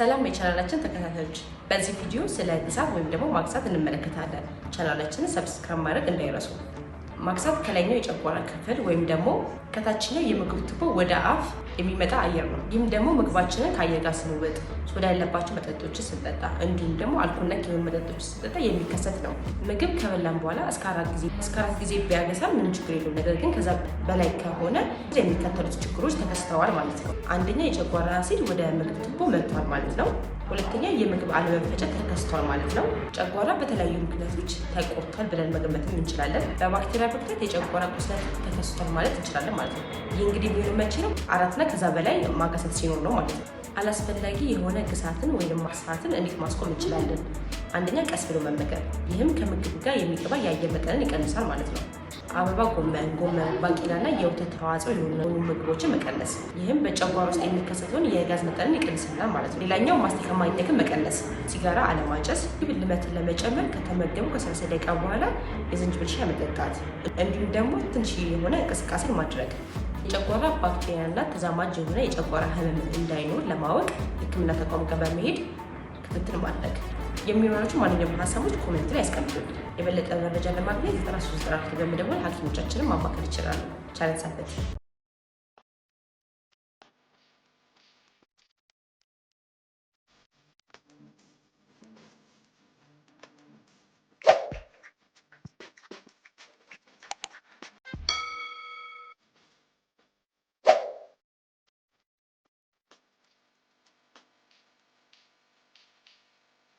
ሰላም የቻናላችን ተከታታዮች፣ በዚህ ቪዲዮ ስለ ሂሳብ ወይም ደግሞ ማግዛት እንመለከታለን። ቻናላችንን ሰብስክራይብ ማድረግ እንዳይረሱ። ማክሳት ከላይኛው የጨጓራ ክፍል ወይም ደግሞ ከታችኛው የምግብ ቱቦ ወደ አፍ የሚመጣ አየር ነው። ይህም ደግሞ ምግባችንን ከአየር ጋር ስንውጥ፣ ሶዳ ያለባቸው መጠጦችን ስንጠጣ፣ እንዲሁም ደግሞ አልኮል ነክ የሆኑ መጠጦችን ስንጠጣ የሚከሰት ነው። ምግብ ከበላን በኋላ እስከ አራት ጊዜ እስከ አራት ጊዜ ቢያገሳ ምንም ችግር የለውም። ነገር ግን ከዛ በላይ ከሆነ የሚከተሉት ችግሮች ተከስተዋል ማለት ነው። አንደኛ የጨጓራ አሲድ ወደ ምግብ ቱቦ መጥቷል ማለት ነው። ሁለተኛ የምግብ አለመፈጨት ተከስቷል ማለት ነው። ጨጓራ በተለያዩ ምክንያቶች ተቆርቷል ብለን መገመትም እንችላለን። በባክቴሪያ ብክለት የጨጓራ ቁስለት ተከስቷል ማለት እንችላለን ማለት ነው። ይህ እንግዲህ የሚሆነው መቼ ነው? አራትና ከዛ በላይ ማጋሳት ሲኖር ነው ማለት ነው። አላስፈላጊ የሆነ ግሳትን ወይም ማስራትን እንዴት ማስቆም እንችላለን? አንደኛ ቀስ ብሎ መመገብ፣ ይህም ከምግብ ጋር የሚገባ የአየር መጠንን ይቀንሳል ማለት ነው። አበባ ጎመን፣ ጎመን፣ ባቄላና የወተት ተዋጽኦ የሆኑ ምግቦችን መቀነስ። ይህም በጨጓራ ውስጥ የሚከሰተውን የጋዝ መጠንን ይቀንስልናል ማለት ነው። ሌላኛው ማስቲካ ማኘክን መቀነስ፣ ሲጋራ አለማጨስ፣ ልመትን ለመጨመር ከተመገቡ ከሰላሳ ደቂቃ በኋላ የዝንጅብል ሻይ መጠጣት፣ እንዲሁም ደግሞ ትንሽ የሆነ እንቅስቃሴ ማድረግ። የጨጓራ ባክቴሪያና ተዛማጅ የሆነ የጨጓራ ህመም እንዳይኖር ለማወቅ ሕክምና ተቋም ጋር በመሄድ ክትትል ማድረግ የሚኖራቸው ማንኛውም ሀሳቦች ኮሜንት ላይ ያስቀምጡ። የበለጠ መረጃ ለማግኘት 93 በመደወል ሐኪሞቻችንን ማማከር ይችላሉ። ቻለን ሳበት